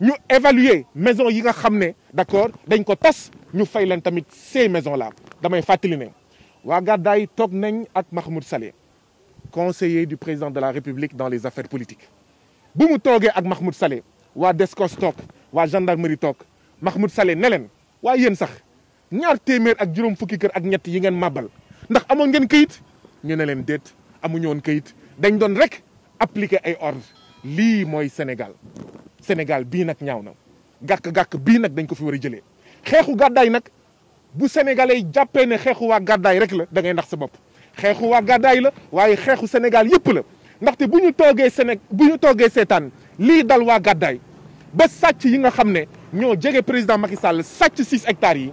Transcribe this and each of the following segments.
ñu évaluer maison yi nga xamné d'accord dañ ko tass ñu fay leen tamit ces maisons là damay fàttali wa gaday tok nañ ak Mahmoud Saleh conseiller du président de la République dans les affaires politiques bu mu togué ak Mahmoud Saleh wa Descos tok wa gendarmerie tok Mahmoud Saleh ne wa yeen sax ñaar témèr ak juroom fukki kër ak ñett yi ngeen mabal ndax amoon ngeen keuyit ñu ne leen déet amuñu won keuyit dañ don rek appliquer ay ordres li moy Sénégal Sénégal bii nag ñaaw na gàkk-gàkk bii nag dañ ko fi war a jëlee xeexu gàddaay nag bu sénégalais jàppee ne xeexu waa gàddaay rek la da ngay ndax sa bopp xeexu waa gàddaay la waaye xeexu Sénégal yëpp la ndaxte bu ñu toogee Séné bu ñu toogee seetaan lii dal waa gàddaay ba sàcc yi nga xam ne ñoo jege président Macky Sall sàcc six hectares yi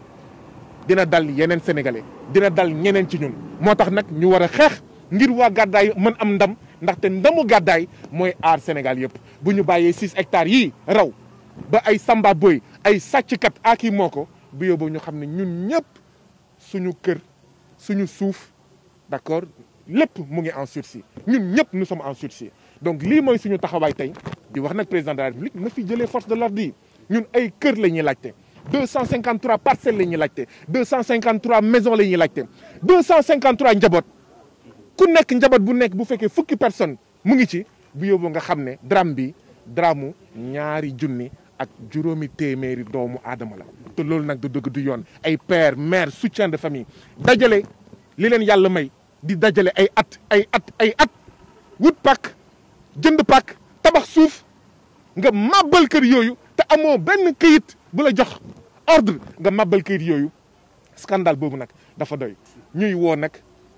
dina dal yeneen sénégalais dina dal ñeneen ci ñun moo tax nag ñu war a xeex ngir waa gàddaay mën am ndam ndaxte ndamu gaday moy Sénégal hectares yi raw ba ay samba boy ay ñu ñun suñu kër suñu d'accord mu en sursis nous sommes en sursis donc li nous suñu taxaway tay di wax nak président de la république fi force de l'ordre ñun ay kër 253 parcelles 253 maisons la 253 njabot ku nekk njaboot bu nekk bu fekkee fukki personne mu ngi ci bu yóbbu nga xam ne drame bi dramu ñaari junni ak juróomi téeméeri doomu aadama la te loolu nag du dëgg du yoon ay père mère soutien de famille dajale li leen yàlla may di dajale ay at ay at ay at wut pàkk jënd pàkk tabax suuf nga màbbal yooyu te amoo benn kayit bu la jox ordre nga màbbal yooyu scandale boobu nag dafa doy ñuy woo nag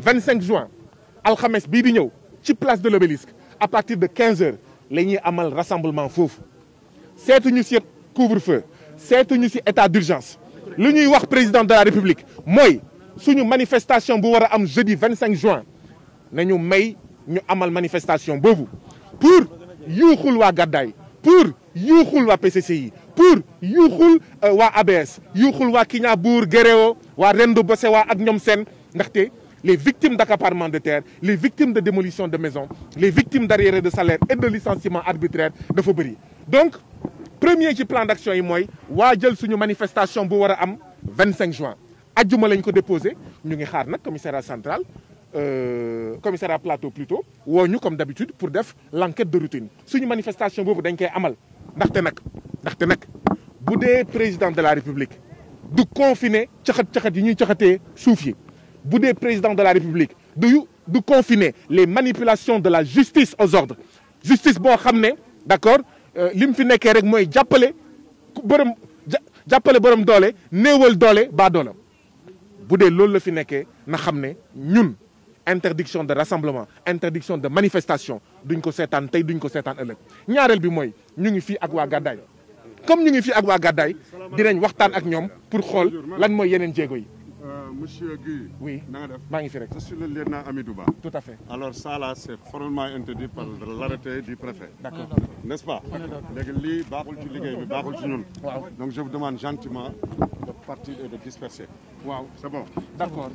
25 juin Al bii di ñew ci place de l'obélisque à partir de 15 h nous avons amal rassemblement faux. C'est ci couvre-feu C'est ci état d'urgence lu wax président de la république moy suñu manifestation bu wara am jeudi 25 juin nañu may ñu amal manifestation boobu pour yuxul wa gaday pour yuxul PCCI pour yuxul ABS yuuxul waa euh, Kignanbour Guéréo wa Rendo les wa ak ñom ndaxte les victimes d'accaparement de terre les victimes de démolition de maisons les victimes d'arriérés de salaire et de licenciement arbitraire de bëri donc premier plan d'action est moi, waajal suñu manifestation bu 25 juin ajjuma lañ ko déposé nous ngi xaar commissariat central Euh, commissariat plateau plutôt comme d'habitude pour def l'enquête de routine une manifestation boobu dañ amal ndaxte nag ndaxte président de la république de confiner caxat caxat yi ñuy vous président de la république vous confinez confiner les manipulations de la justice aux ordres justice Bon d'accord euh, li vous fi nekkee rek borom jàppale borom doole ba vous na interdiction de rassemblement interdiction de manifestation d'une ko taille, d'une duñ ko vous ëllëg ñaareel bi mooy ñu ngi nous ak comme ñu ngi fii ak pour lan Monsieur Guy, oui. je suis le lieutenant Amidouba, Tout à fait. Alors ça là, c'est formellement interdit par l'arrêté du préfet. D'accord. N'est-ce pas Donc je vous demande gentiment de partir et de disperser. Wow. C'est bon. D'accord.